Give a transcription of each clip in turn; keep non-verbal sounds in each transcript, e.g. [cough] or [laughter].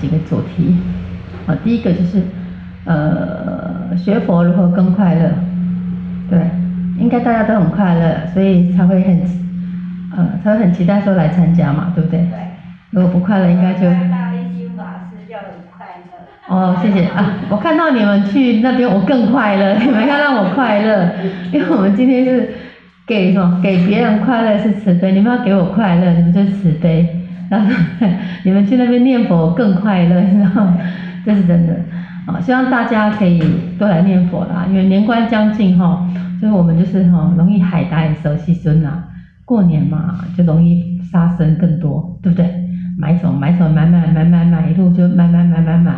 幾個主題，啊，第一個就是，呃，學佛如何更快樂，對，應該大家都很快樂，所以才會很，呃，才會很期待說來參加嘛，對不對？對，如果不快樂，應該就。嗯、大心很快樂。哦，謝謝啊，我看到你們去那邊，我更快樂。你們要讓我快樂， [laughs] 因為我們今天是給什麼？給別人快樂是慈悲，你們要給我快樂，你們就慈悲。然後 [laughs] 你們去那邊念佛更快樂，然後這是真的。啊，希望大家可以多來念佛啦，因為年關將近哈，就是我們就是哈容易海帶的時候犧牲啦。過年嘛，就容易殺生更多，對不對？買什麼買什麼，買買買買買一路就買買買買買，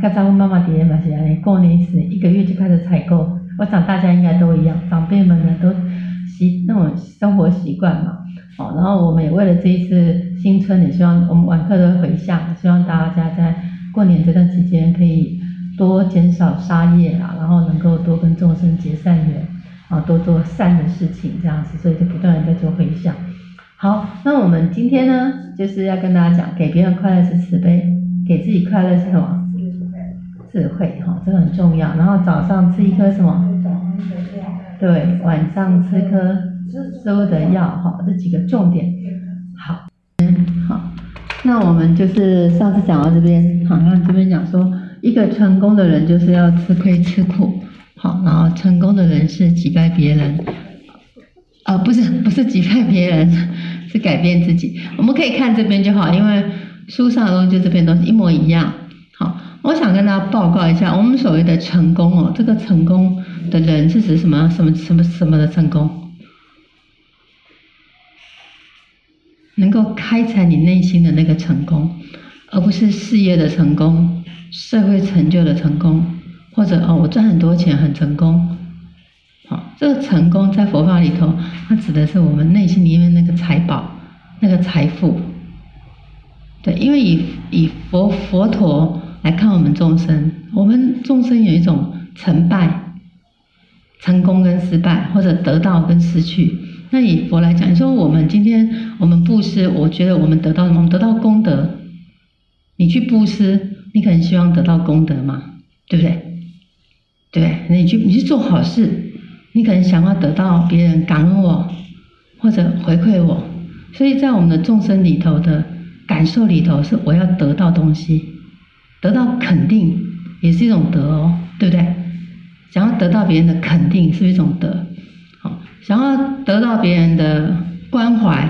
看賬媽媽慢跌嘛是啊。過年時一個月就開始採購，我想大家應該都一樣，長輩們呢，都。習那種生活習慣嘛，好，然後我們也為了這一次新春，也希望我們晚課都回向，希望大家在過年這段期間可以多減少殺業啊，然後能夠多跟眾生結善緣，啊，多做善的事情這樣子，所以就不斷的在做回向。好，那我們今天呢，就是要跟大家講，給別人快樂是慈悲，給自己快樂是什麼？智慧，智慧哈，這個很重要。然後早上吃一顆什麼？對，晚上吃顆收的藥哈，這幾個重點好，嗯好，那我們就是上次講到這邊，好像這邊講說，一個成功的人就是要吃虧吃苦，好，然後成功的人是擊敗別人，啊、呃、不是不是擊敗別人，是改變自己，我們可以看這邊就好，因為書上的東西就這邊都是一模一樣，好，我想跟大家報告一下，我們所謂的成功哦，這個成功。的人是指什麼？什麼什麼什麼的成功？能夠開採你內心的那個成功，而不是事業的成功、社會成就的成功，或者哦，我賺很多錢很成功。好、哦，這個成功在佛法裡頭，它指的是我們內心裡面那個財寶、那個財富。對，因為以以佛佛陀來看我們眾生，我們眾生有一種成敗。成功跟失敗，或者得到跟失去。那以佛來講，你說我們今天我們布施，我覺得我們得到什麼？得到功德。你去布施，你可能希望得到功德嘛，對不對？對，你去，你去做好事，你可能想要得到別人感恩我，或者回饋我。所以在我們的眾生裡頭的感受裡頭，是我要得到東西，得到肯定，也是一種得哦，對不對？想要得到別人的肯定是一種德，好，想要得到別人的關懷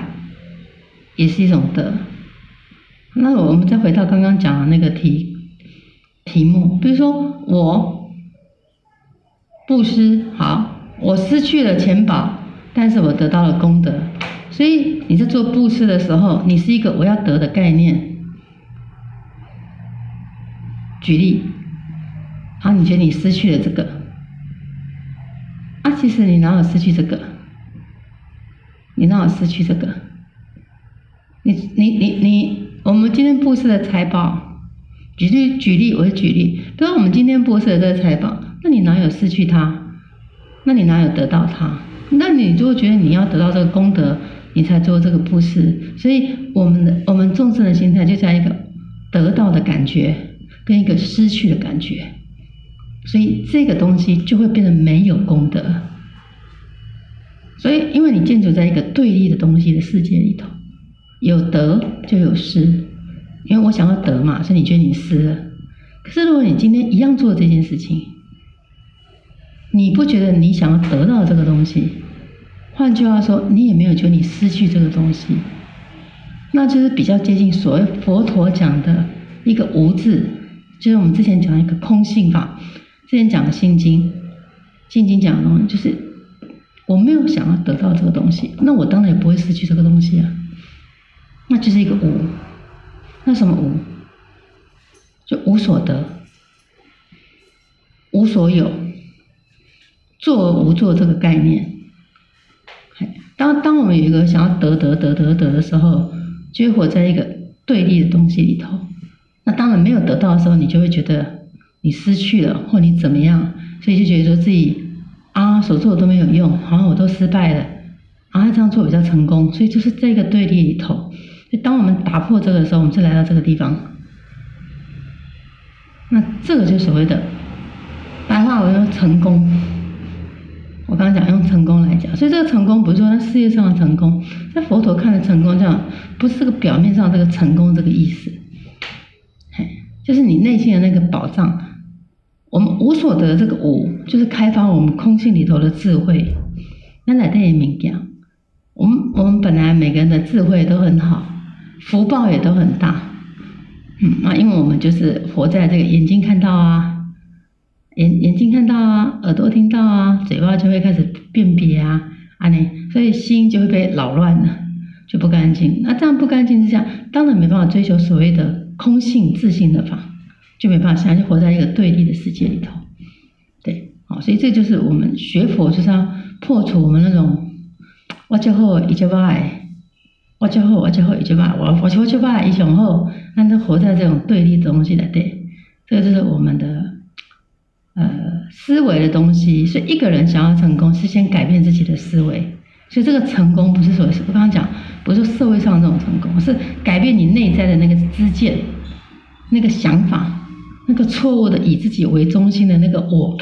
也是一種德。那我們再回到剛剛講的那個題題目，比如說我布施，好，我失去了錢寶，但是我得到了功德。所以你在做布施的時候，你是一個我要得的概念。舉例，好，你覺得你失去了這個。其實你哪有失去這個？你哪有失去這個？你你你你，我們今天布施的財寶，舉例舉例，我是舉例。比如我們今天布施的這個財寶，那你哪有失去它？那你哪有得到它？那你就會覺得你要得到這個功德，你才做這個布施。所以我們的我們眾生的心態就在一個得到的感覺跟一個失去的感覺，所以這個東西就會變得沒有功德。所以，因為你建築在一個對立的東西的世界裡頭，有得就有失，因為我想要得嘛，所以你覺得你失了。可是如果你今天一樣做這件事情，你不覺得你想要得到這個東西，換句話說，你也沒有覺得你失去這個東西，那就是比較接近所謂佛陀講的一個無字，就是我們之前講的一個空性吧。之前講的心經，心經講的東西就是。我沒有想要得到這個東西，那我當然也不會失去這個東西啊。那就是一個無，那什麼無？就無所得，無所有，做而無做這個概念。當當我們有一個想要得得得得得的時候，就會活在一個對立的東西裡頭。那當然沒有得到的時候，你就會覺得你失去了，或你怎麼樣，所以就覺得說自己。啊，所做的都沒有用，好像我都失敗了。啊，這樣做比較成功，所以就是這個對立裡頭。所以當我們打破這個的時候，我們就來到這個地方。那這個就是所謂的白話，我用成功。我剛剛講用成功來講，所以這個成功不是說在事業上的成功，在佛陀看的成功，這樣不是個表面上這個成功這個意思嘿，就是你內心的那個寶藏。我們無所得這個無，就是開發我們空性裡頭的智慧。那奶奶也明講，我們我們本來每個人的智慧都很好，福報也都很大。嗯，啊，因為我們就是活在這個眼睛看到啊，眼眼睛看到啊，耳朵聽到啊，嘴巴就會開始辨別啊，啊，你所以心就會被擾亂了，就不乾淨。那這樣不乾淨之下，當然沒辦法追求所謂的空性自性的法。就沒辦法想，就活在一個對立的世界裡頭，對，好，所以這就是我們學佛就是要破除我們那種，我就好，我就好；，我就好，我就好；，我就好，我就好；，我就好，我就好。一直好，那就活在這種對立的東西裡。對，這個就是我們的呃思維的東西。所以一個人想要成功，是先改變自己的思維。所以這個成功不是說，我剛剛講不是說社會上的這種成功，是改變你內在的那個知見，那個想法。那個錯誤的以自己為中心的那個我，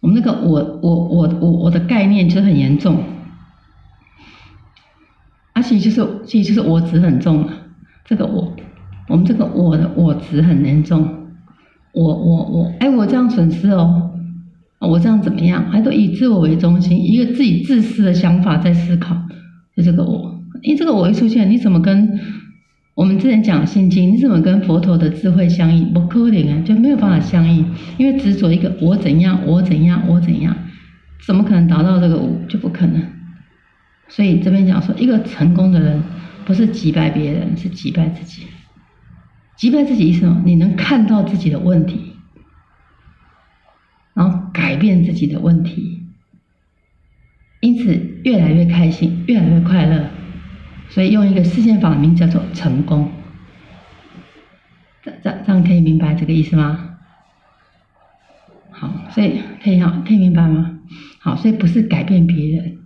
我們那個我，我，我，我，我的概念就很嚴重，而且就是，其實就是我執很重啊，這個我，我們這個我的我執很嚴重，我，我，我，哎，我這樣損失哦，我這樣怎麼樣？還都以自我為中心，一個自己自私的想法在思考，就這個我，因為這個我一出現，你怎麼跟？我們之前講心經，你怎麼跟佛陀的智慧相應？不可能啊，就沒有辦法相應，因為執着一個我怎樣，我怎樣，我怎樣，怎麼可能達到這個無？就不可能。所以這邊講說，一個成功的人不是擊敗別人，是擊敗自己。擊敗自己是什麼？你能看到自己的問題，然後改變自己的問題，因此越來越開心，越來越快樂。所以用一個四件法的名叫做成功，這這這樣可以明白這個意思嗎？好，所以可以好，可以明白嗎？好，所以不是改變別人。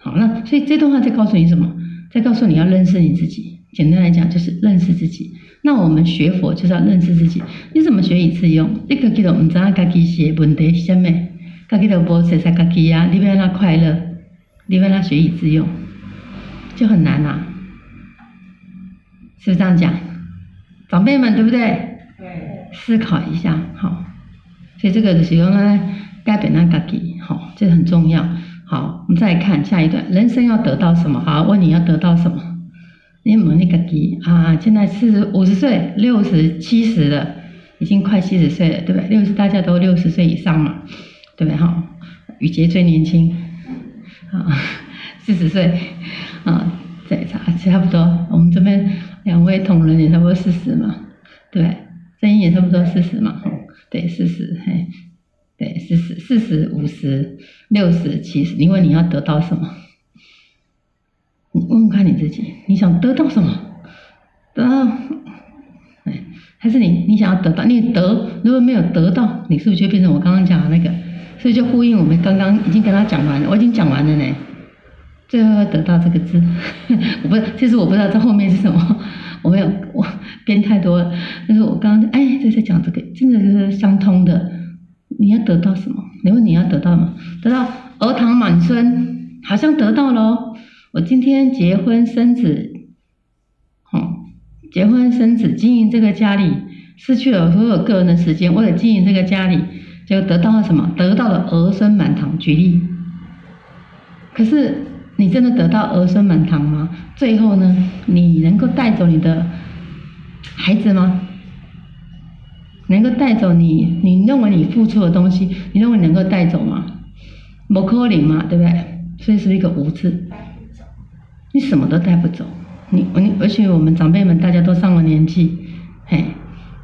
好，那所以這段話在告訴你什麼？在告訴你要認識你自己。簡單來講就是認識自己。那我們學佛就是要認識自己。你怎麼學以致用？你根本就不知道自己的問題是什麼，根本就不是在自己啊！你要讓快樂，你要讓學以致用。就很難吶、啊，是不是這樣講？長輩們對不對？對，思考一下，好。所以這個就是用來改變自己，好，這很重要。好，我們再來看下一段，人生要得到什麼？好，問你要得到什麼？你問你自己啊！現在四十五十歲、六十七十了，已經快七十歲了，對不對？六十大家都六十歲以上嘛，對不對？哈，雨潔最年輕，啊，四十歲。啊，這一、哦、差不多，我們這邊兩位同仁也差不多四十嘛，對，聲音也差不多四十嘛，對，四十，嘿，對，四十、四十、五十、六十、七十，你問你要得到什麼？你問問看你自己，你想得到什麼？得到，哎，還是你你想要得到？你得如果沒有得到，你是不是就變成我剛剛講的那個？所以就呼應我們剛剛已經跟他講完了，我已經講完了呢。最後要得到這個字， [laughs] 我不是，其實我不知道這後面是什麼，我沒有我編太多了。但是我剛剛哎在在講這個，真的就是相通的。你要得到什麼？你問你要得到嗎？得到兒堂滿孫，好像得到了，喔。我今天結婚生子，吼、喔，結婚生子經營這個家裡，失去了所有個人的時間，為了經營這個家裡，就得到了什麼？得到了兒孫滿堂。舉例，可是。你真的得到兒孫滿堂嗎？最後呢，你能夠帶走你的孩子嗎？能夠帶走你，你認為你付出的東西，你認為你能夠帶走嗎？不可能嘛，對不對？所以是，是一個無字，你什麼都帶不走。你你，而且我們長輩們大家都上了年紀，嘿，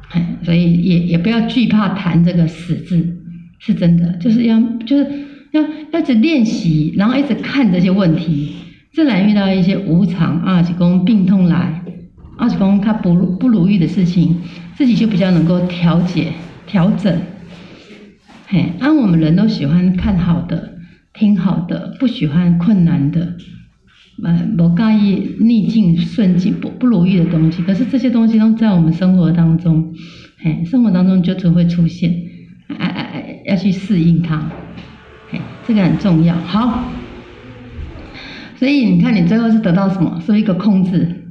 嘿，所以也也不要懼怕談這個死字，是真的，就是要就是。要，要一直練習，然後一直看這些問題，自然遇到一些無常二、啊、是講病痛來，二、啊、是講他不不如意的事情，自己就比較能夠調節調整。嘿，按、啊、我們人都喜歡看好的、聽好的，不喜歡困難的，呃、啊，不介意逆境、順境、不不如意的東西。可是這些東西都在我們生活當中，嘿，生活當中就總會出現，哎哎哎，要去適應它。Okay, 這個很重要，好。所以你看，你最後是得到什麼？是一個控制。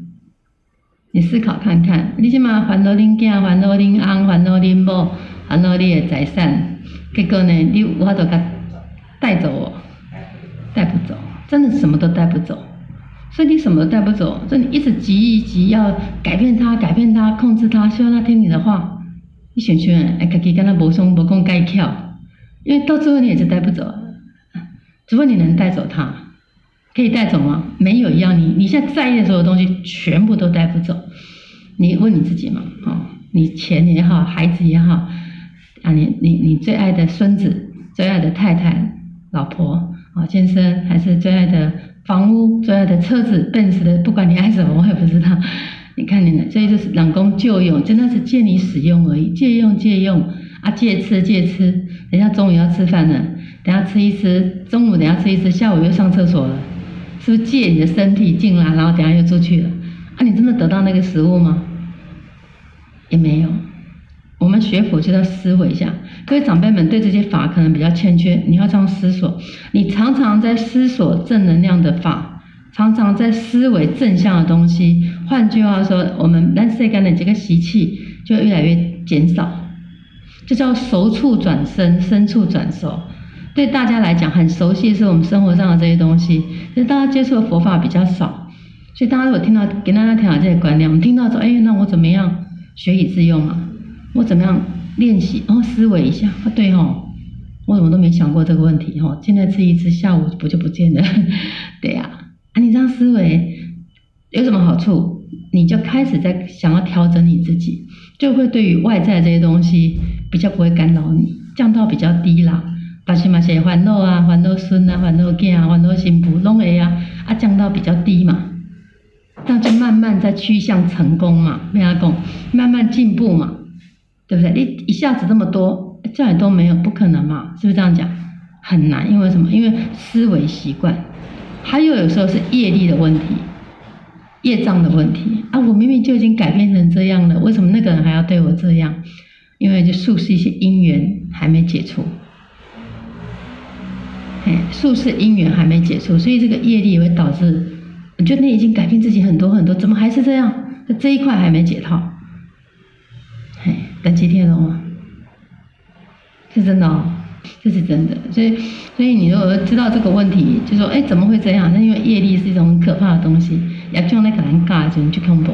你思考看看，你即嘛煩惱恁囝，煩惱恁翁，煩惱恁某，煩惱你，你的財產，結果呢，你有法度甲帶走我，帶不走，真的什麼都帶不走。所以你什麼都帶不走，所以你一直急一急，要改變他，改變他，控制他，希望他聽你的話。你想想，哎，家己跟他無聰無講技巧。因為到最後你也是帶不走，只不過你能帶走他，可以帶走嗎？沒有一樣，要你你現在在意的所有東西全部都帶不走。你問你自己嘛，哦，你錢也好，孩子也好，啊，你你你最愛的孫子，最愛的太太、老婆，哦、啊，先生，還是最愛的房屋，最愛的車子、奔馳的，不管你愛什麼，我也不知道。你看你呢，這就是老公借用，真的是借你使用而已，借用借用。啊，借吃借吃，等一下中午要吃飯了，等一下吃一吃，中午等一下吃一吃，下午又上廁所了，是不是借你的身體進來，然後等一下又出去了？啊，你真的得到那個食物嗎？也沒有。我們學佛就要思維一下，各位長輩們對這些法可能比較欠缺，你要這樣思索。你常常在思索正能量的法，常常在思維正向的東西。換句話說，我們那世間的這個習氣就越來越減少。就叫熟處轉生，生處轉熟。對大家來講，很熟悉的是我們生活上的這些東西。就是大家接觸的佛法比較少，所以大家如果聽到給大家聽到這些觀念，我們聽到說：“哎、欸，那我怎麼樣學以致用啊？我怎麼樣練習？”然、哦、思維一下，啊，對哦，我怎麼都沒想過這個問題吼、哦。現在吃一次，下午不就不見了？ [laughs] 對呀、啊，啊，你這樣思維有什麼好處？你就開始在想要調整你自己，就會對於外在這些東西。比較不會干擾你，降到比較低啦，但是嘛是煩惱啊，煩惱孫啊，煩惱囝啊，煩惱媳婦攏會啊，啊降到比較低嘛，那就慢慢在趨向成功嘛，咪阿公，慢慢進步嘛，對不對？一一下子這麼多，這樣也都沒有，不可能嘛，是不是這樣講？很難，因為什麼？因為思維習慣，還有有時候是業力的問題，業障的問題啊！我明明就已經改變成這樣了，為什麼那個人還要對我這樣？因為就宿世一些因緣還沒解除，哎，宿世因緣還沒解除，所以這個業力也會導致。我覺得你已經改變自己很多很多，怎麼還是這樣？那這一塊還沒解套。哎，等幾天了哦，是真的哦，哦這是真的。所以，所以你如果知道這個問題，就說：哎，怎麼會這樣？那因為業力是一種很可怕的東西，業障那個人加，就恐怖。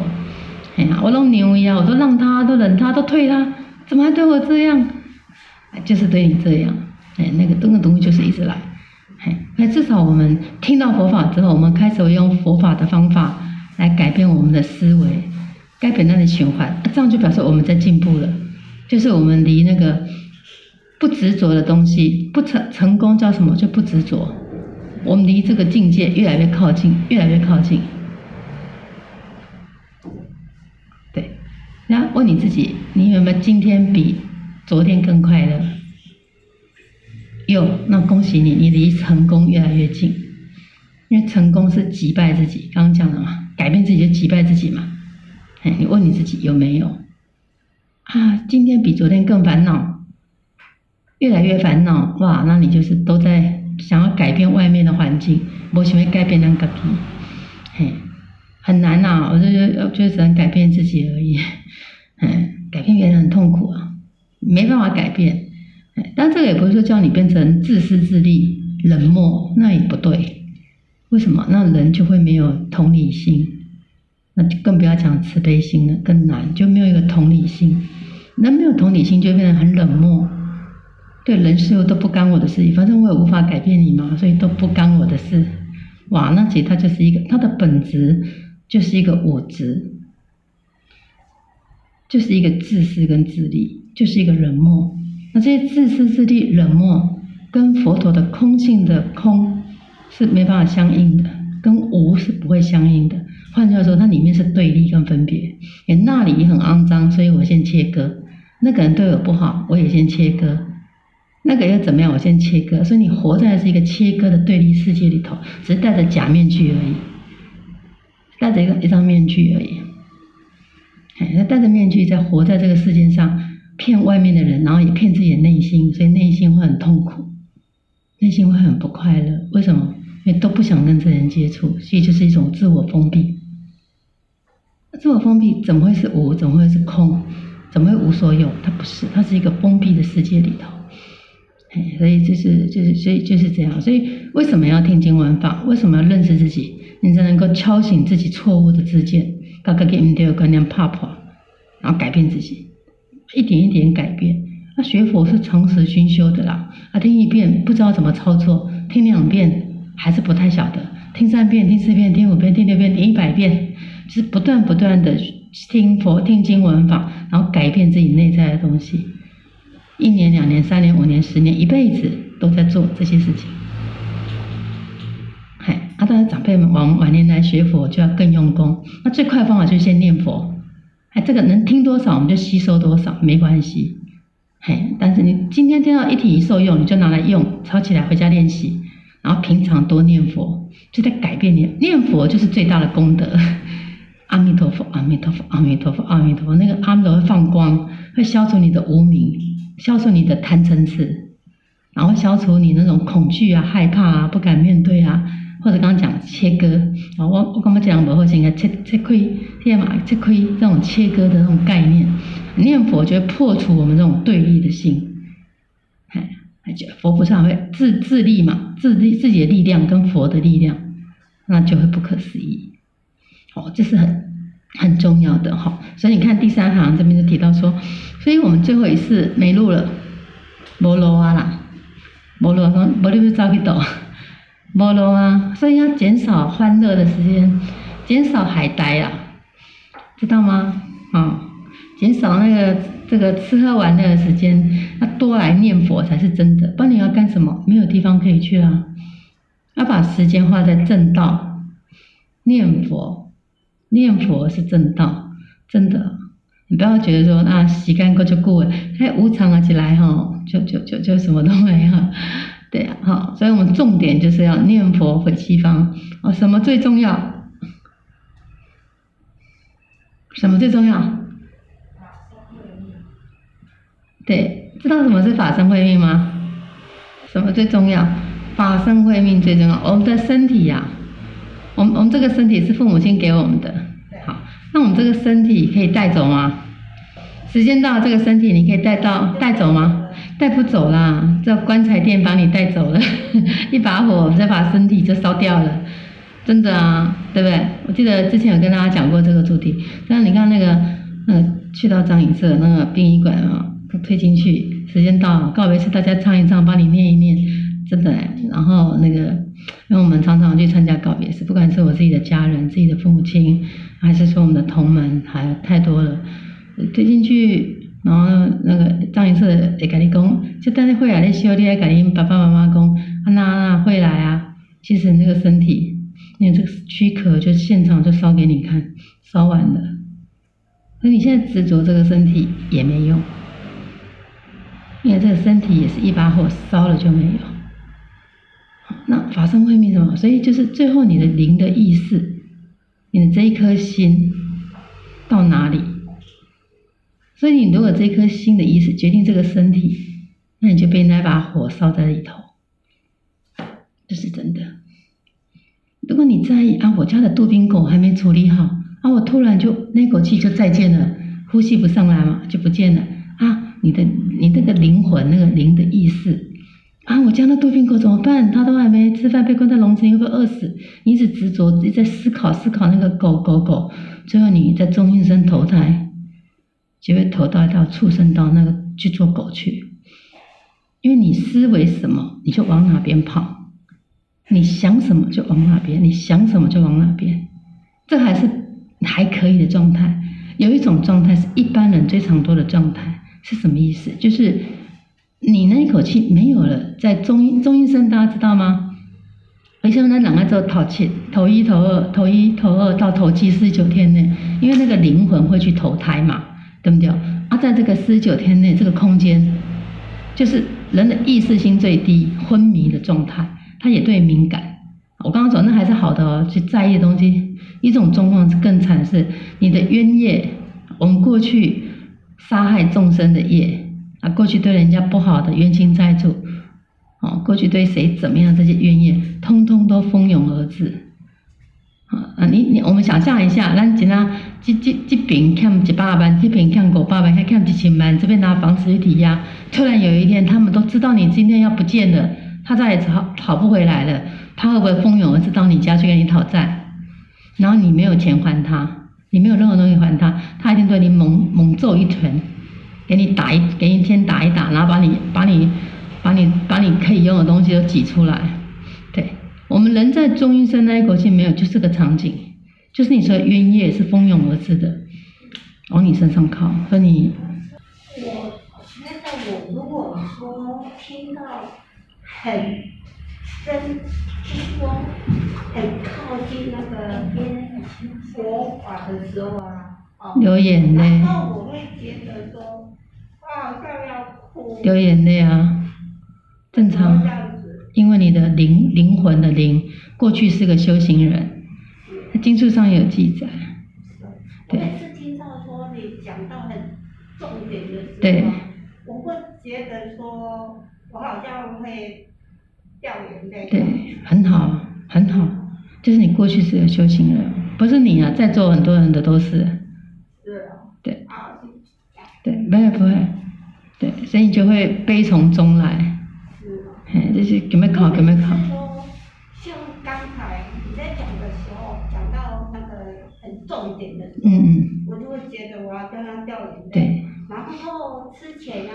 哎呀，我攏讓伊啊，我都讓他都忍他，都，讓他都退他。怎麼還對我這樣？就是對你這樣。哎，那個動的東西就是一直來。哎，至少我們聽到佛法之後，我們開始用佛法的方法來改變我們的思維，改變那個循環。這樣就表示我們在進步了。就是我們離那個不執着的東西，不成成功叫什麼？就不執着。我們離這個境界越來越靠近，越來越靠近。那問你自己，你有沒有今天比昨天更快樂？有，那恭喜你，你離成功越來越近。因為成功是擊敗自己，剛剛講的嘛，改變自己就擊敗自己嘛。哎，你問你自己有沒有？啊，今天比昨天更煩惱，越來越煩惱，哇，那你就是都在想要改變外面的環境，沒想要改變自己。嘿。很難吶、啊，我就覺得就是只能改變自己而已。嗯、哎，改變別人很痛苦啊，沒辦法改變。哎、但這個也不是說叫你變成自私自利、冷漠，那也不對。為什麼？那人就會沒有同理心，那就更不要講慈悲心了，更難。就沒有一個同理心，人沒有同理心就會變得很冷漠，對人事物都不干我的事，反正我也無法改變你嘛，所以都不干我的事。哇，那其實它就是一個它的本質。就是一個我執，就是一個自私跟自利，就是一個冷漠。那這些自私、自利、冷漠，跟佛陀的空性的空是沒辦法相應的，跟無是不會相應的。換句話說，它裡面是對立跟分別。那裡也很骯髒，所以我先切割。那個人對我不好，我也先切割。那個又怎麼樣，我先切割。所以你活在這個切割的對立世界裡頭，只是戴着假面具而已。戴着一個一張面具而已，哎，他戴着面具在活在這個世界上，騙外面的人，然後也騙自己的內心，所以內心會很痛苦，內心會很不快樂。為什麼？因為都不想跟這人接觸，所以就是一種自我封閉。那自我封閉怎麼會是無？怎麼會是空？怎麼會無所有？它不是，它是一個封閉的世界裡頭。哎，所以就是就是所以就是這樣。所以為什麼要聽經聞法？為什麼要認識自己？你才能夠敲醒自己錯誤的自見，覺給你第二個念泡泡，然後改變自己，一點一點改變。那學佛是長時熏修的啦，啊，聽一遍不知道怎麼操作，聽兩遍還是不太曉得，聽三遍、聽四遍、聽五遍、聽六遍、聽一百遍，就是不斷不斷的聽佛、聽經聞法，然後改變自己內在的東西。一年、兩年、三年、五年、十年、一輩子都在做這些事情。哎，啊當然，長輩們往晚年來學佛就要更用功。那最快的方法就是先念佛，哎，這個能聽多少我們就吸收多少，沒關係。嘿、哎，但是你今天聽到一體一受用，你就拿來用，抄起來回家練習，然後平常多念佛，就在改變你。念佛就是最大的功德。阿彌陀佛，阿彌陀佛，阿彌陀佛，阿彌陀佛。那個阿彌陀佛會放光，會消除你的無明，消除你的貪嗔癡，然後消除你那種恐懼啊、害怕啊、不敢面對啊。或者剛剛講切割，啊，我我剛剛講無佛應該切切開，對嘛？切開，這，切開這種切割的那種概念。念佛就會破除我們這種對立的心，佛菩薩會自自力嘛，自力自己的力量跟佛的力量，那就會不可思議。哦，這是很很重要的哈、哦。所以你看第三行這邊就提到說，所以我們最後一次沒路了，摩羅啊啦，摩羅路，摩你就走去倒。無路啊，所以要減少歡樂的時間，減少海呆啊，知道嗎？啊、哦，減少那個這個吃喝玩樂的時間，那、啊、多來念佛才是真的。不然你要幹什麼？沒有地方可以去啊。要、啊、把時間花在正道，念佛，念佛是正道，真的。你不要覺得說啊，時間過就過了，太無常了，起來吼、哦，就就就就，就什麼都沒了。對、啊，好，所以我們重點就是要念佛回西方。哦，什麼最重要？什麼最重要？對，知道什麼是法身慧命嗎？什麼最重要？法身慧命最重要。我們的身體呀、啊，我們我們這個身體是父母親給我們的，好，那我們這個身體可以帶走嗎？時間到，這個身體你可以帶到帶走嗎？帶不走啦，這棺材店把你帶走了，一把火再把身體就燒掉了，真的啊，對不對？我記得之前有跟大家講過這個主題，但是你看那個，嗯、呃，去到張營社那個殯儀館啊，推進去，時間到了，告別式大家唱一唱，幫你念一念，真的。然後那個，因為我們常常去參加告別式，不管是我自己的家人、自己的父母親，還是說我們的同門，還有太多了、呃，推進去。然後那個葬儀社也趕緊講，就待會會來咧燒，你還跟因爸爸媽媽講，啊那那會來啊！其實那個身體，那個軀殼就現場就燒給你看，燒完了。那你現在執着這個身體也沒用，因為這個身體也是一把火燒了就沒有。那法身慧命是什麼？所以就是最後你的靈的意識，你的這一顆心到哪裡？所以，你如果這顆心的意思決定這個身體，那你就被那把火燒在裡頭，這是真的。如果你在意啊，我家的杜賓狗還沒處理好啊，我突然就那口氣就再見了，呼吸不上來嘛，就不見了啊！你的你那個靈魂那個靈的意思啊，我家的杜賓狗怎麼辦？它都還沒吃飯，被關在籠子裡又被餓死，你一直執着，一直在思考思考那個狗狗狗，最後你在中陰身投胎，就會投到一道畜生道，那個去做狗去。因為你思維什麼，你就往哪邊跑；你想什麼就往哪邊，你想什麼就往哪邊。這還是還可以的狀態。有一種狀態是一般人非常多的狀態是什麼意思？就是你那一口氣沒有了，在中陰，中陰身大家知道嗎？為什麼那兩個字叫頭七？頭一、頭二、頭一、頭二到頭七、四九天內，因為那個靈魂會去投胎嘛。對不掉對啊！在這個四十九天內，這個空間就是人的意識心最低、昏迷的狀態，它也對敏感。我剛剛說那還是好的哦，去在意的東西。一種狀況是更慘的是，是你的冤業，我們過去殺害眾生的業啊，過去對人家不好的冤親債主，哦、啊，過去對誰怎麼樣這些冤業，通通都蜂擁而至。啊啊，你你，我們想象一下，那簡單。這這這邊欠一百萬，這邊欠五百萬，還欠一千萬。這邊拿房子去抵押，突然有一天，他們都知道你今天要不見了，他再也跑跑不回來了。他會不會蜂擁而至到你家去跟你討債？然後你沒有錢還他，你沒有任何東西還他，他一定對你猛猛揍一拳，給你打一給你先打一打，然後把你把你把你把你，把你可以用的東西都擠出來。對，我們人在中陰身那一口氣沒有，就是個場景。就是你說的冤孽是蜂擁而至的，往你身上靠，說你。我現在我如果說聽到很深，就是說很靠近那個邊火化的時候啊，哦，然後我會覺得說，哇，好像要哭。流眼淚啊，正常，因為你的靈靈魂的靈，過去是個修行人。經書上有記載。我每次聽到說你講到很重一點的時候，對我會覺得說我好像會掉眼淚。對，很好，很好，就是你過去是個修行人，不是你啊，在座很多人的都是。是、哦。對。啊、對，沒有、啊、不會，對，所以你就會悲從中來。是、哦。哎，就是怎麼考怎麼考。給 [laughs] 重一點的，嗯嗯。我就會覺得我要跟他掉眼淚。對，然後，後之前啊，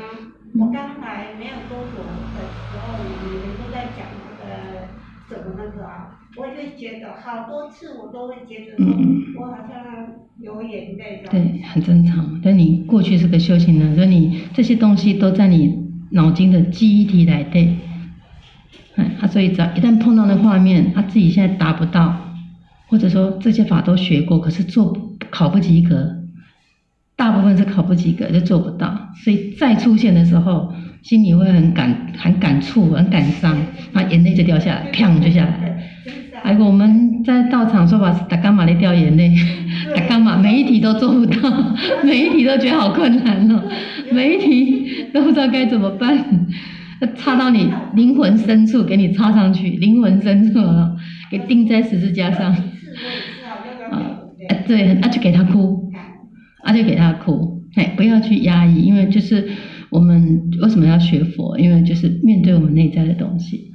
我剛來沒有多久的時候，嗯、你們都在講那個怎麼那個啊，我就覺得好多次我都會覺得說，嗯嗯我好像有眼淚。對，很正常。但你過去是個修行人，所以你這些東西都在你腦筋的記憶體來對，哎，他所以只要一旦碰到那畫面，他自己現在達不到。或者說這些法都學過，可是做考不及格，大部分是考不及格就做不到，所以再出現的時候，心裡會很感很感觸，很感傷，然後眼淚就掉下來，對啪就下來。還有對、哎、我們在道場說法，達干瑪的掉眼淚，達干瑪每一題都做不到，每一題都覺得好困難哦，每一題都不知道該怎麼辦，插到你靈魂深處，給你插上去，靈魂深處了，哦，給釘在十字架上。啊，對，那就給他哭，那就給他哭，哎，不要去壓抑，因為就是我們為什麼要學佛？因為就是面對我們內在的東西。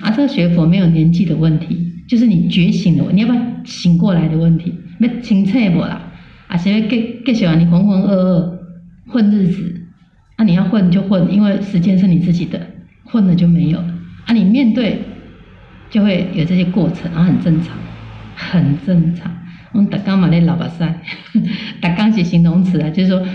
啊，這個學佛沒有年紀的問題，就是你覺醒了，你要不要醒過來的問題？要清澈不啦？啊，誰會更更喜歡你渾渾噩噩混日子，啊，你要混就混，因為時間是你自己的，混了就沒有了。啊，你面對就會有這些過程，啊，很正常。很正常，我們打鋼嘛，那老不衰，打鋼是形容詞啊，就是說，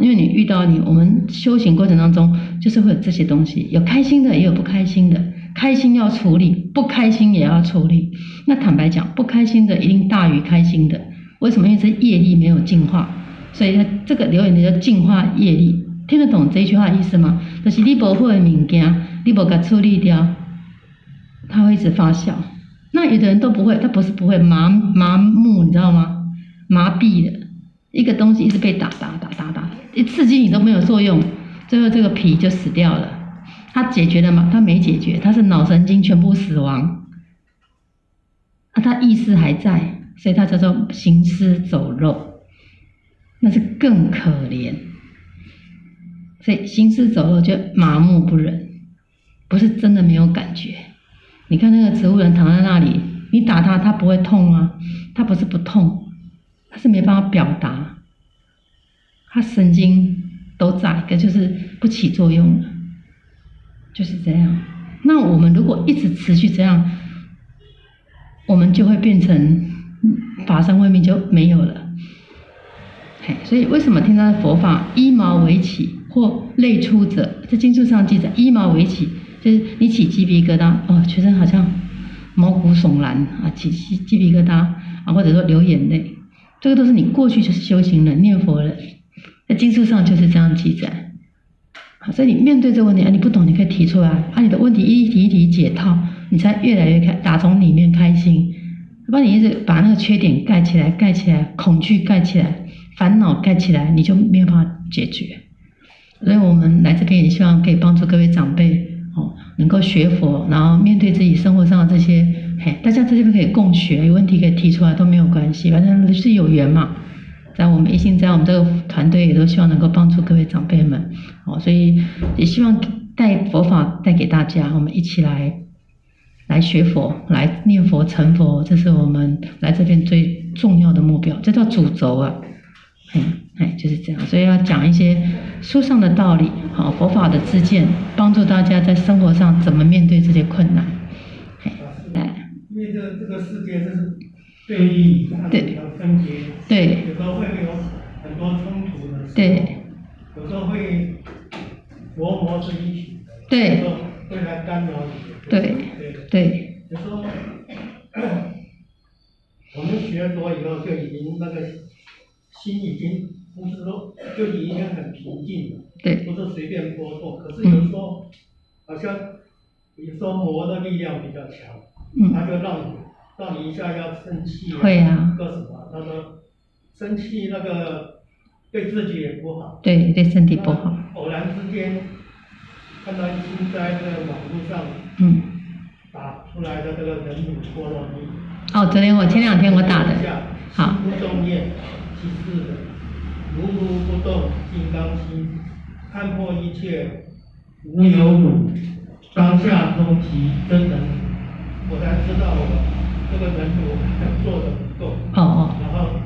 因為你遇到你我們修行過程當中，就是會有這些東西，有開心的，也有不開心的，開心要處理，不開心也要處理。那坦白講，不開心的一定大於開心的，為什麼？因為這業力沒有淨化，所以呢，這個留言的叫淨化業力，聽得懂這句話的意思嗎？就是你不會敏感，你不給處理掉，它會一直發酵。那有的人都不會，他不是不會，麻麻木，你知道嗎？麻痹的，一個東西一直被打打打打打，一刺激你都沒有作用，最後這個皮就死掉了。他解決了嗎？他沒解決，他是腦神經全部死亡。啊，他意識還在，所以他叫做行屍走肉，那是更可憐。所以行屍走肉就麻木不仁，不是真的沒有感覺。你看那個植物人躺在那裡，你打他，他不會痛嗎、啊？他不是不痛，他是沒辦法表達，他神經都在，個就是不起作用了，就是這樣。那我們如果一直持續這樣，我們就會變成法身慧命就沒有了。嘿，所以為什麼聽他的佛法，一毛為起或淚出者，在經書上記載一毛為起。就是你起雞皮疙瘩哦，全身好像毛骨悚然啊，起雞雞皮疙瘩啊，或者說流眼淚，這個都是你過去就是修行人念佛人。在經書上就是這樣記載。好，所以你面對這個問題啊，你不懂你可以提出來，把你的問題一題一題解套，你才越來越開，打從裡面開心。不然你一直把那個缺點蓋起來、蓋起來、恐懼蓋起來、煩惱蓋起來，你就沒有辦法解決。所以我們來這邊也希望可以幫助各位長輩。能夠學佛，然後面對自己生活上的這些，嘿，大家在這邊可以共學，有問題可以提出來都沒有關係，反正是有緣嘛。在我們一心，在我們這個團隊也都希望能夠幫助各位長輩們，哦，所以也希望帶佛法帶給大家，我們一起來來學佛，來念佛成佛，這是我們來這邊最重要的目標，這叫主軸啊，嘿。哎，就是這樣，所以要講一些書上的道理，好佛法的知見，幫助大家在生活上怎麼面對這些困難。哎，因為這這個世界就是對立、差別，對，有時候會有很多衝突的，對，有時候會魔魔之體，對，有時候會來干擾你，對對，有時候咳咳我們學佛以後就已經那個心已經。不是說就你應該很平靜了，對不是隨便波動。可是有時候，嗯、好像你說魔的力量比較強，他、嗯、就讓你讓你一下要生氣、啊，或、啊、什麼。他說生氣那個對自己也不好，對對身體不好。偶然之間看到一些在那個網絡上打出來的這個人品錯亂的。哦、嗯，昨天我前兩天我打的，下好。不正面，其實的如如不動金剛心，看破一切無有我，當下通體真能。我才知道我這個人很做的不夠。好哦，然後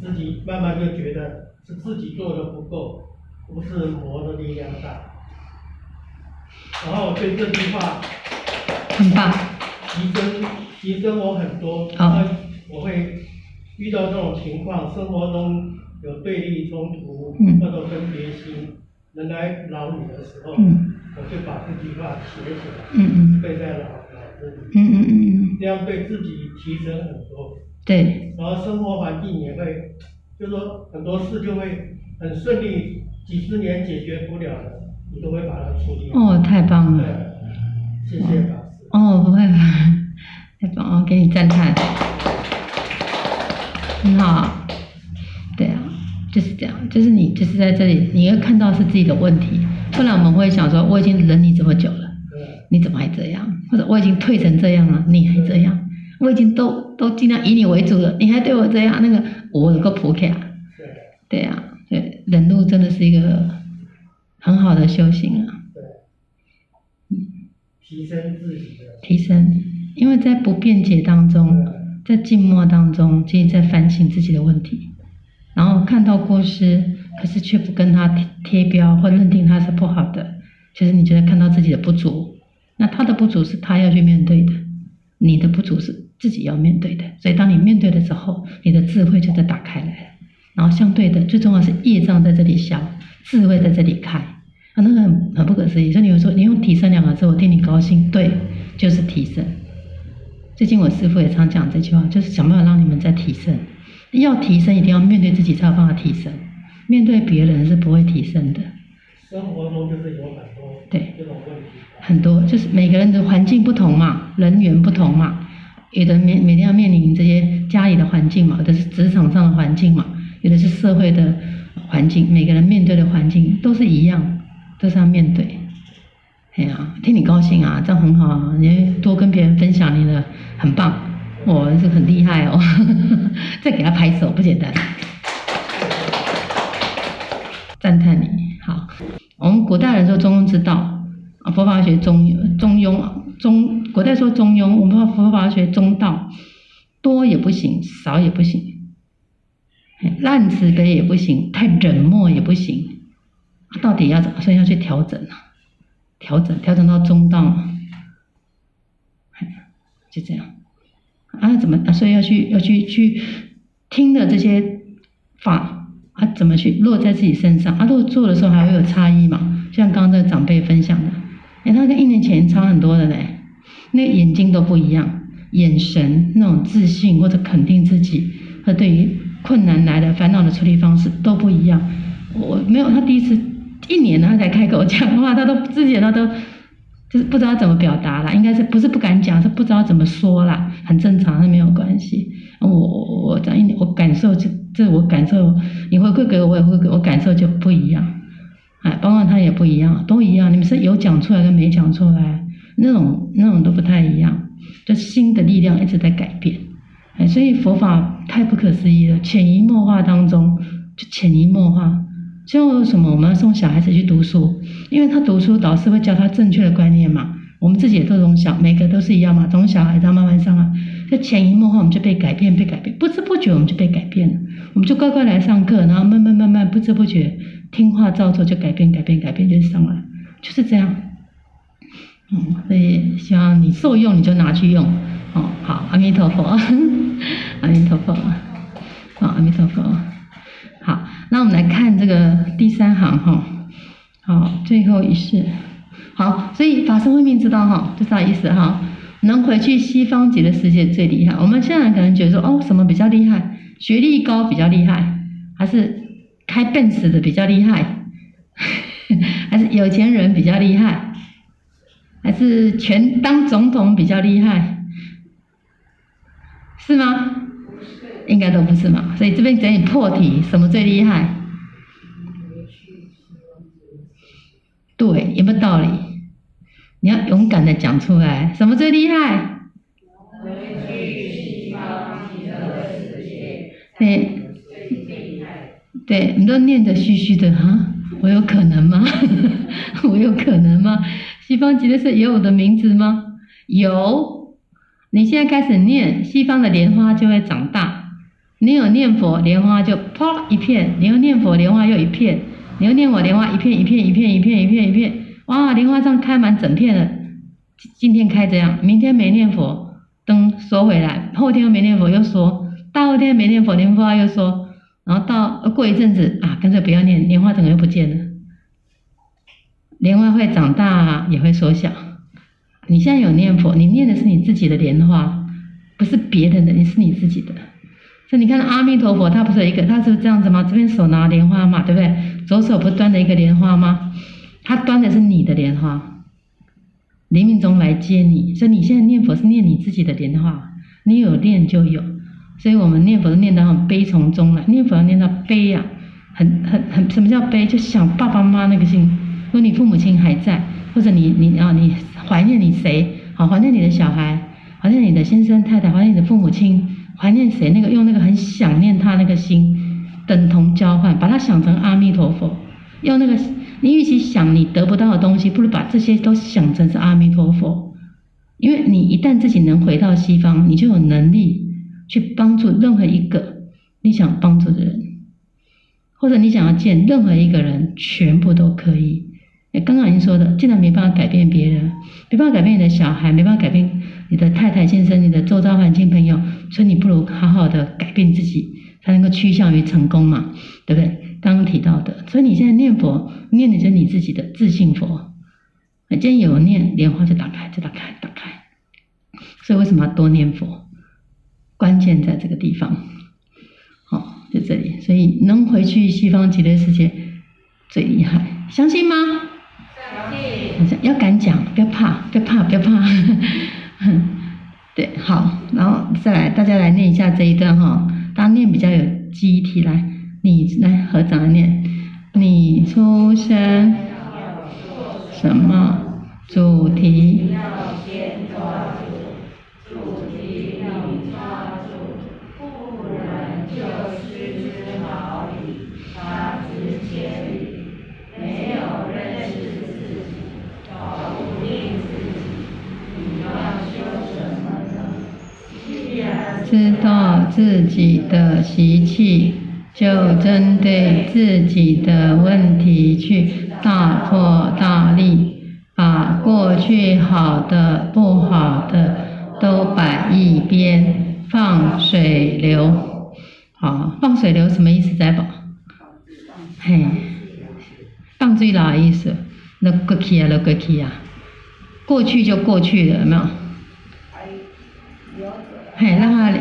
自己慢慢就覺得是自己做的不夠，不是佛的力量大。然後對這句話，很棒，提升提升我很多。好然後我會遇到這種情況，生活中。有對立衝突，那種分別心，人、嗯、來擾你的時候，嗯、我就把這句話寫起來，背嗯嗯在腦腦子裡嗯嗯嗯，這樣對自己提升很多。對。然後生活環境也會，就是、說很多事就會很順利，幾十年解決不了的，你都會把它處理。哦，太棒了！對，謝謝法師。哦，不會吧。太棒了，給你讚歎。你好。就是你，就是在這裡，你會看到是自己的問題。不然我們會想說，我已經忍你這麼久了，對你怎麼還這樣？或者我已經退成這樣了，你還這樣？對我已經都都盡量以你為主了，你還對我這樣？那個、哦、我有個撲克啊，對，對啊，對，忍辱真的是一個很好的修行啊。對，提升自己的提升，因為在不辯解當中，對在靜默當中，自己在反省自己的問題。然後看到過失，可是卻不跟他貼貼標或認定他是不好的，其實你就在看到自己的不足。那他的不足是他要去面對的，你的不足是自己要面對的。所以當你面對的時候，你的智慧就在打開來。然後相對的，最重要是業障在這裡消，智慧在這裡開。啊，那個很不可思議。所以你說你用提升兩個字，我替你高興。對，就是提升。最近我師父也常講這句話，就是想辦法讓你們在提升。要提升，一定要面對自己才有辦法提升。面對別人是不會提升的。生活中就是有很多，對，這種問題很多，就是每個人的環境不同嘛，人員不同嘛，有的面每天要面臨這些家裡的環境嘛，有的是職場上的環境嘛，有的是社會的環境。每個人面對的環境都是一樣，都是要面對。哎呀，替你高興啊，這樣很好啊，你多跟別人分享你的，很棒。我是,是很厲害哦， [laughs] 再給他拍手不簡單，讚嘆 [laughs] 你，好。我們古代人說中庸之道，佛法學中中庸，中古代說中庸，我們佛法學中道，多也不行，少也不行，濫慈悲也不行，太冷漠也不行，到底要怎麼，所以要去調整呢？調整調整到中道，就這樣。啊，怎麼啊？所以要去要去去聽的這些法啊，怎麼去落在自己身上啊？如果做的時候還會有差異嘛？像剛剛這個長輩分享的，哎、欸，他跟一年前差很多的嘞，那個、眼睛都不一樣，眼神那種自信或者肯定自己和對於困難來的煩惱的處理方式都不一樣。我沒有他第一次一年了，他才開口講話，他都自己他都。就是不知道怎麼表達了，應該是不是不敢講，是不知道怎麼說啦，很正常，那沒有關係。我我我講一點，我感受就這，我感受，感受你會會給我，我也會，給我感受就不一樣，哎，包括他也不一樣，都一樣。你們是有講出來跟沒講出來，那種那種都不太一樣，就心的力量一直在改變，哎，所以佛法太不可思議了，潛移默化當中就潛移默化。就什麼？我們要送小孩子去讀書，因為他讀書，導師會教他正確的觀念嘛。我們自己也都從小，每個都是一樣嘛，從小孩子慢慢上來，就潛移默化，我們就被改變，被改變，不知不覺我們就被改變了，我們就乖乖來上課，然後慢慢慢慢，不知不覺聽話照做就，就改變，改變，改變，就上來，就是這樣。嗯，所以希望你受用，你就拿去用。哦，好，阿彌陀佛，呵呵阿彌陀佛，好，阿彌陀佛。那我們來看這個第三行哈，好、哦，最後一世，好，所以法身慧命之道哈，就啥意思哈，能回去西方極樂世界最厲害。我們現在可能覺得說，哦，什麼比較厲害？學歷高比較厲害，還是開奔馳的比較厲害，還是有錢人比較厲害，還是全當總統比較厲害，是嗎？應該都不是嘛，所以這邊整理破題，什麼最厲害？對，有沒有道理？你要勇敢的講出來，什麼最厲害？回去西方極樂世界。對，對你都念得噓噓的哈，我有可能嗎？ [laughs] 我有可能嗎？西方極樂世界有我的名字嗎？有。你現在開始念西方的蓮花就會長大，你有念佛蓮花就啪一片，你又念佛蓮花又一片，你又念佛蓮花一片一片一片一片一片一片，哇，蓮花上開滿整片的，今天開這樣，明天沒念佛，燈縮回來，後天又沒念佛又縮，大後天沒念佛蓮花又縮，然後到過一陣子啊，乾脆不要念，蓮花整個又不見了。蓮花會長大，也會縮小。你現在有念佛，你念的是你自己的蓮花，不是別人的，你是你自己的。所以你看阿彌陀佛，他不是有一個，他是,是這樣子嗎？這邊手拿蓮花嘛，對不對？左手不端了一個蓮花嗎？他端的是你的蓮花，冥冥中來接你。所以你現在念佛是念你自己的蓮花，你有念就有。所以我們念佛都念到很悲從中來，念佛要念到悲呀、啊，很很很，什麼叫悲？就想爸爸媽媽那個心，如果你父母親還在，或者你你啊你。你你懷念你誰？好，懷念你的小孩，懷念你的先生太太，懷念你的父母親，懷念誰？那個用那個很想念他那個心，等同交換，把他想成阿彌陀佛。用那個，你與其想你得不到的東西，不如把這些都想成是阿彌陀佛。因為你一旦自己能回到西方，你就有能力去幫助任何一個你想幫助的人，或者你想要見任何一個人，全部都可以。剛剛已經說的，既然沒辦法改變別人，沒辦法改變你的小孩，沒辦法改變你的太太、先生、你的周遭環境、朋友，所以你不如好好的改變自己，才能夠趨向於成功嘛，對不對？剛剛提到的，所以你現在念佛念的就是你自己的自性佛。那今天有人念蓮花，就打開，就打開，打開。所以為什麼要多念佛？關鍵在這個地方，好在這裡，所以能回去西方極樂世界最厲害，相信嗎？要敢講，不要怕，不要怕，不要怕， [laughs] 對，好，然後再來，大家來念一下這一段哈，單念比較有記憶題。來，你來合掌來念，你出生什麼主題？主題要先抓住，主題要抓住，不然就失之毫釐知道自己的習氣，就針對自己的問題去大破大立，把過去好的不好的都擺一邊，放水流。好，放水流什麼意思？再講，嘿，放水流的意思，那過去啊，那過去啊，過去就過去了，有沒有？嘿，讓它，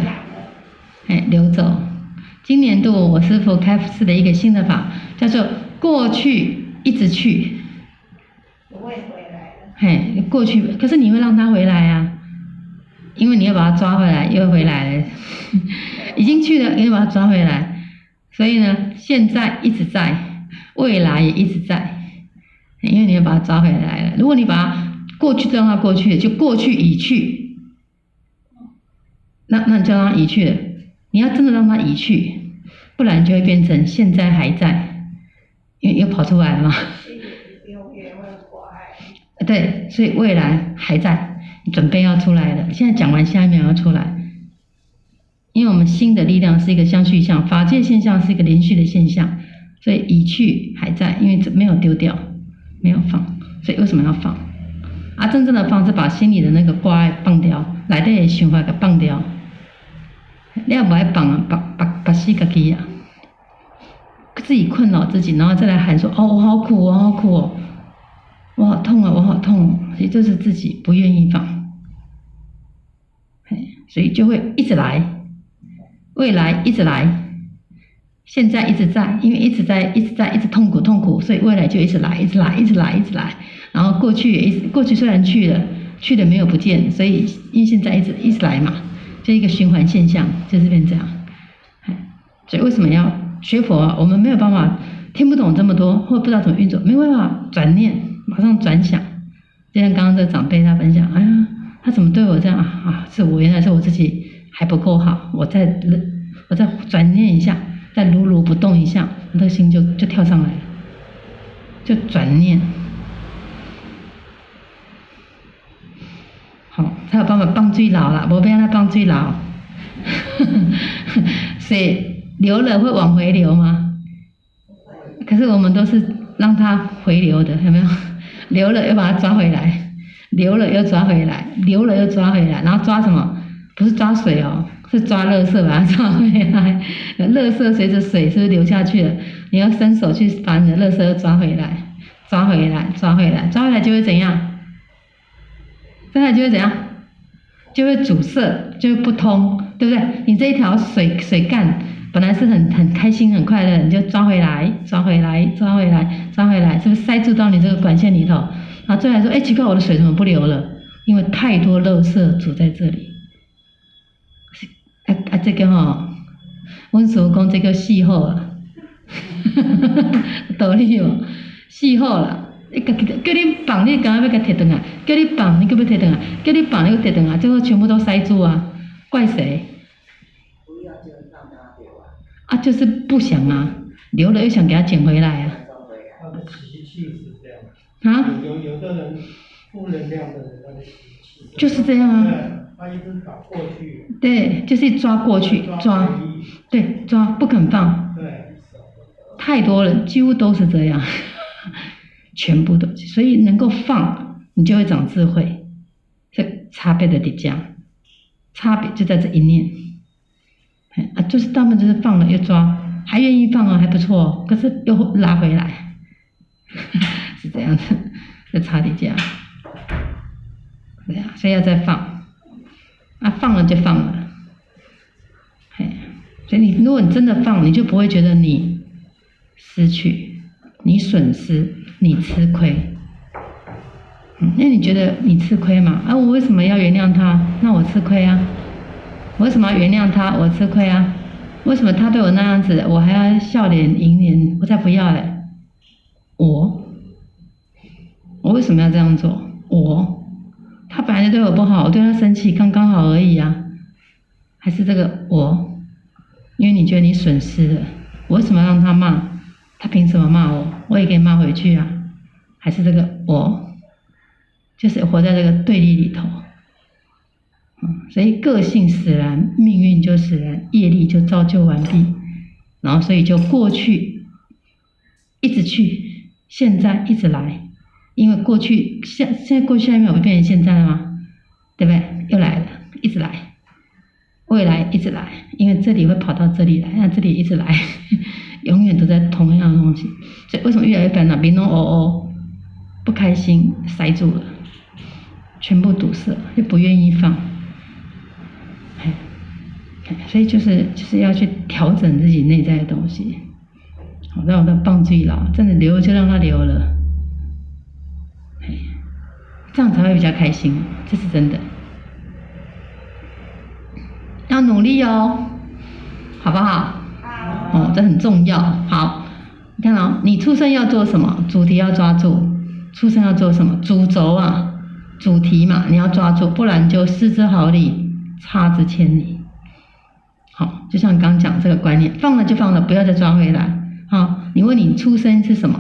哎，流走。今年度我師父開示的一個新的法，叫做“過去一直去”。不會回來了。嘿，過去可是你會讓它回來啊，因為你要把它抓回來，又回來了， [laughs] 已經去了，你要把它抓回來。所以呢，現在一直在，未來也一直在，因為你要把它抓回來了。如果你把他過去就讓它過去了，就過去已去。那那叫它移去了，你要真的讓它移去，不然就會變成現在還在，又又跑出來了。嘛。為了愛。對，所以未來還在，準備要出來了。現在講完下一秒要出來，因為我們心的力量是一個相續相，法界現象是一個連續的現象，所以移去還在，因為這沒有丟掉，沒有放，所以為什麼要放？啊，真正的放是把心裡的那個掛礙放掉，來的也循環給放掉。你也不愛放啊，綁綁綁死自己啊！自己困擾自己，然後再來喊說：“哦，我好苦，我好苦哦，我好痛啊，我好痛！”所以就是自己不願意放，所以就會一直來，未來一直來，現在一直在，因為一直在，一直在，一直痛苦痛苦，所以未來就一直來，一直來，一直來，一直來。然後過去也一過去，雖然去了，去了沒有不見，所以因現在一直一直來嘛。這一個循環現象，就是變這樣。哎，所以為什麼要學佛啊？我們沒有辦法聽不懂這麼多，或不知道怎麼運作，沒有辦法轉念，馬上轉想。就像剛剛這長輩，他本想：哎、啊、呀，他怎麼對我這樣啊？啊，是我原來是我自己還不夠好，我再我再轉念一下，再如如不動一下，我的心就就跳上來了，就轉念。嘛放水流，啦，無變安怎放水流？水 [laughs] 流了會往回流嗎？可是我們都是讓它回流的，有沒有？流了又把它抓回來，流了又抓回來，流了又抓回來，然後抓什麼？不是抓水哦、喔，是抓垃圾把它抓回來。垃圾隨着水是不是流下去了？你要伸手去把你的，垃圾又抓回來，抓回來，抓回來，抓回來就會怎樣？抓回來就會怎樣？就會阻塞，就會不通，對不對？你這一條水水乾，本來是很很開心、很快樂，你就抓回來、抓回來、抓回來、抓回來，是不是塞住到你這個管線裡頭？然後最後說，哎，奇怪，我的水怎麼不流了？因為太多肉塞阻在這裡。啊啊，這個吼、哦，阮師父講，這個細候啊，道力哦，細候了。你叫叫你放你，你剛剛要佮摕倒來啊！叫你放你，你佫要摕倒來啊！叫你放你要，你佫摕倒來啊！這個全部都塞住啊，怪誰？啊，就是不想啊，留了又想給他撿回來啊。啊？就是這樣啊。對，就是抓過去，抓，對，抓不肯放。對。太多了，幾乎都是這樣。全部都，所以能夠放，你就會長智慧。差這差別的疊加，差別就在這一念。啊，就是他們就是放了又抓，還願意放啊，還不錯。可是又拉回來， [laughs] 是這樣子。就差這差疊加，對，所以要再放。啊，放了就放了。嘿，所以你如果你真的放，你就不會覺得你失去，你損失。你吃虧，那、嗯、你覺得你吃虧嗎？啊，我為什麼要原諒他？那我吃虧啊？我為什麼要原諒他？我吃虧啊？為什麼他對我那樣子，我還要笑臉迎人？我才不要嘞、欸！我，我為什麼要這樣做？我，他本來就對我不好，我對他生氣，剛剛好而已啊。還是這個我，因為你覺得你損失了，我為什麼要讓他罵？他憑什麼罵我？我也可以罵回去啊！還是這個我，就是活在這個對立裡頭，嗯，所以個性使然，命運就使然，業力就造就完畢，然後所以就過去，一直去，現在一直來，因為過去現現在過去還沒有變成現在了嗎？對不對？又來了，一直來。未來一直來，因為這裡會跑到這裡來，那這裡一直來，永遠都在同樣的東西。所以為什麼越來越煩惱了？面攏哦哦，不開心，塞住了，全部堵塞，又不願意放。所以就是就是要去調整自己內在的東西，好，讓它放出來，這真的流就讓它流了，這樣才會比較開心。這是真的。要努力哦，好不好？哦，這很重要。好，你看哦，你出生要做什麼？主題要抓住。出生要做什麼？主軸啊，主題嘛，你要抓住，不然就失之毫釐，差之千里。好，就像我剛講這個觀念，放了就放了，不要再抓回來。好，你問你出生是什麼？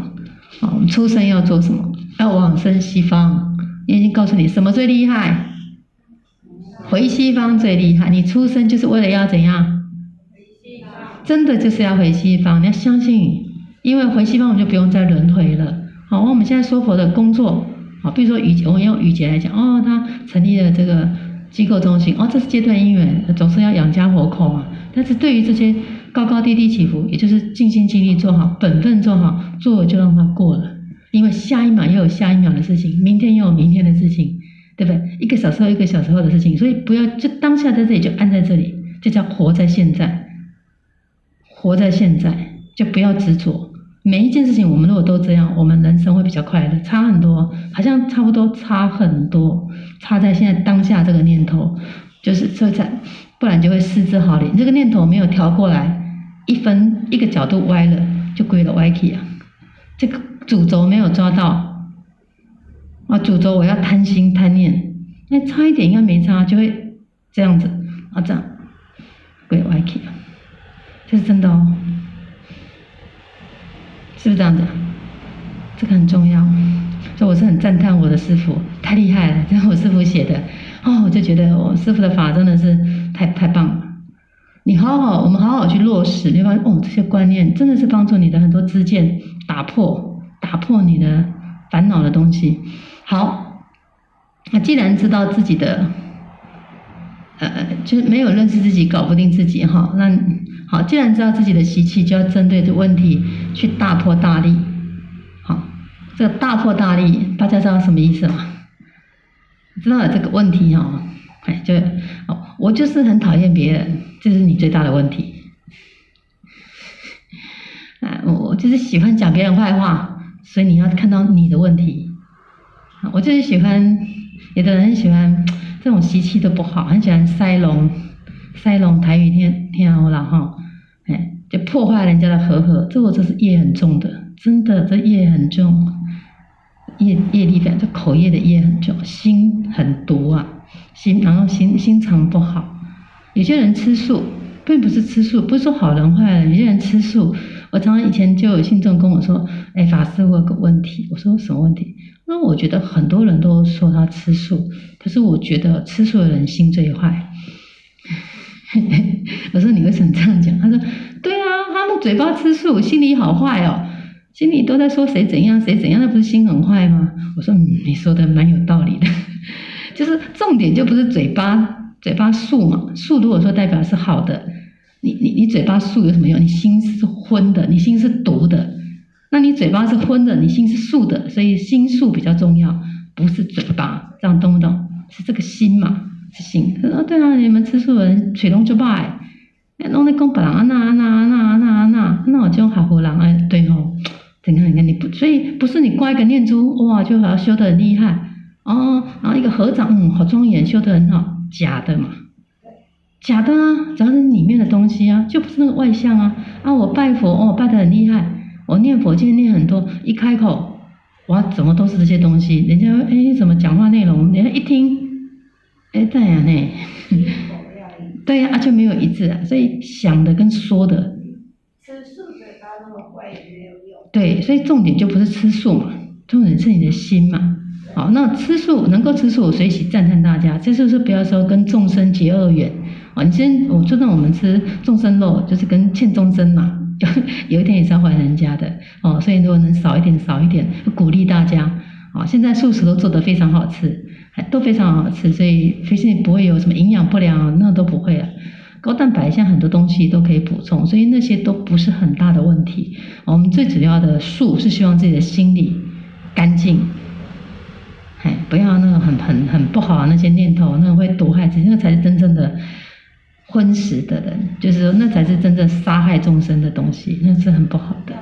好，哦，我們出生要做什麼？要往生西方。你已經告訴你什麼最厲害。回西方最厲害，你出生就是為了要怎樣？回西方。真的就是要回西方，你要相信，因為回西方我們就不用再輪迴了。好，我們現在說佛的工作，好，比如說雨，我們用雨節來講，哦，他成立了這個機構中心，哦，這是階段姻緣，總是要養家活口嘛。但是對於這些高高低低起伏，也就是盡心盡力做好，本分做好，做好做就讓它過了，因為下一秒又有下一秒的事情，明天又有明天的事情。對不對？一個小時後，一個小時後的事情，所以不要就當下在這裡，就按在這裡，就叫活在現在，活在現在，就不要執着每一件事情。我們如果都這樣，我們人生會比較快樂，差很多，好像差不多差很多，差在現在當下這個念頭，就是說在，不然你就會失之毫釐。你這個念頭沒有調過來，一分一個角度歪了，就歸了歪去啊。這個主軸沒有抓到。啊！詛咒我要貪心貪念，那差一點應該沒差，就會這樣子啊，這樣我還可以，這是真的哦，是不是這樣子？這個很重要，所以我是很讚嘆我的師傅，太厲害了！這是我師傅寫的，哦，我就覺得我師傅的法真的是太太棒了。你好好，我們好好去落實，你會發現，哦，這些觀念真的是幫助你的很多知見，打破、打破你的煩惱的東西。好，那既然知道自己的，呃，就是沒有認識自己，搞不定自己哈、哦。那好，既然知道自己的習氣，就要針對這問題去大破大立。好、哦，這個大破大立，大家知道什麼意思嗎？知道了這個問題哦，哎，就哦，我就是很討厭別人，這、就是你最大的問題。哎，我我就是喜歡講別人壞話，所以你要看到你的問題。我就是喜歡，有的人喜歡這種習氣都不好，很喜歡塞龍、塞龍台語天天、啊、歐然後，哎、嗯，就破壞人家的和合。這我這是業很重的，真的這業很重，業業力感，這口業的業很重，心很毒啊，心然後心心腸不好。有些人吃素，並不，不是吃素，不是說好人壞人，有些人吃素。我常常以前就有信眾跟我說：“哎，法師，我有個問題。”我說：“什麼問題？”那我覺得很多人都說他吃素，可是我覺得吃素的人心最壞。嘿嘿，我說：“你為什麼這樣講？”他說：“對啊，他們嘴巴吃素，心裡好壞哦，心裡都在說誰怎樣誰怎樣，那不是心很壞嗎？”我說：“嗯，你說的蠻有道理的，就是重點就不是嘴巴嘴巴素嘛，素如果說代表是好的。”你你你嘴巴素有什麼用？你心是葷的，你心是毒的，那你嘴巴是葷的，你心是素的，所以心素比較重要，不是嘴巴，這樣懂不懂？是這個心嘛？是心。他、哦、說：“對啊，你們吃素的人嘴動就拜，哎，弄那公婆啊，那那那那啊那，那我就好和尚哎，對哦，你看你看你不，所以不是你掛一個念珠哇，就好像修得很厲害哦，然後一個合掌，嗯，好莊嚴，修得很好，假的嘛。”假的啊，只要是裡面的東西啊，就不是那個外相啊。啊，我拜佛哦，拜得很厲害，我念佛經念很多，一開口哇，怎麼都是這些東西。人家哎、欸，怎麼講話內容？人家一聽，哎、欸，這樣呢？ [laughs] 對呀、啊，就沒有一致啊，所以想的跟說的。吃素嘴巴那麼壞也沒有用。對，所以重點就不是吃素嘛，重點是你的心嘛。好，那吃素能夠吃素，隨喜讚嘆大家，這就是，是不要說跟眾生結惡緣。啊、哦、你先，我就算我們吃眾生肉，就是跟欠眾生嘛，有，有一天也是要還人家的哦。所以如果能少一點，少一點，鼓勵大家。哦，現在素食都做得非常好吃，還都非常好吃，所以最近不會有什麼營養不良，那個、都不會了、啊。高蛋白像很多東西都可以補充，所以那些都不是很大的問題。哦、我們最主要的素是希望自己的心裡乾淨，哎，不要那個很很很不好那些念頭，那個會毒害自己，那個、才是真正的。葷食的人，就是說那才是真正殺害眾生的東西，那是很不好的。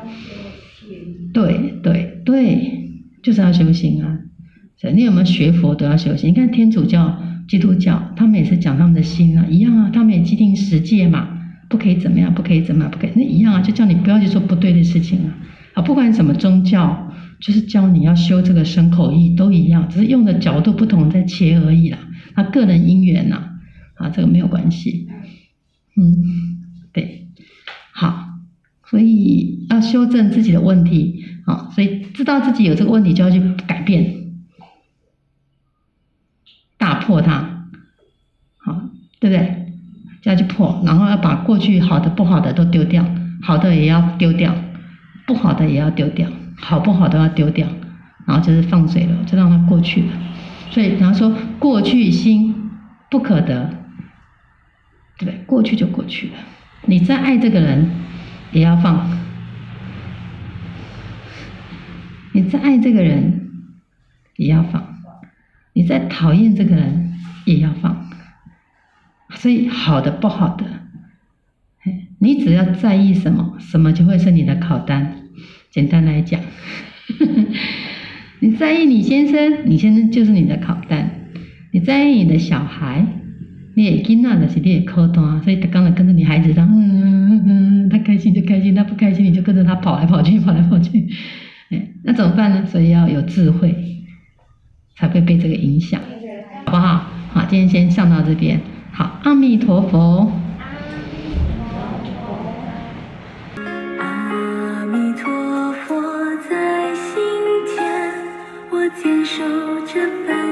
對對對，就是要修行啊！所以你有沒有學佛都要修行。你看天主教、基督教，他們也是講他們的心啊，一樣啊，他們也制定十戒嘛，不可以怎麼樣，不可以怎麼樣，不可以那一樣啊，就叫你不要去做不對的事情啊。啊，不管什麼宗教，就是教你要修這個身口意都一樣，只是用的角度不同在切而已啦。他個人因緣吶、啊，啊，這個沒有關係。嗯，對，好，所以要修正自己的問題，好，所以知道自己有這個問題就要去改變，打破它，好，對不對？就要去破，然後要把過去好的、不好的都丟掉，好的也要丟掉，不好的也要丟掉，好不好都要丟掉，然後就是放水了，就讓它過去了。所以，然後說過去心不可得。對，過去就過去了。你再愛這個人，也要放；你再愛這個人，也要放；你再討厭這個人，也要放。所以好的不好的，你只要在意什麼，什麼就會是你的考題。簡單來講， [laughs] 你在意你先生，你先生就是你的考題；你在意你的小孩。你誒，囡仔著是你誒負擔啊。所以他剛才跟着你孩子這樣，嗯嗯嗯嗯，他開心就開心，他不開心你就跟着他跑來跑去，跑來跑去，哎，那怎麼辦呢？所以要有智慧，才會被這個影響，好不好？好，今天先上到這邊，好，阿彌陀佛，阿彌陀佛在心間，我堅守着。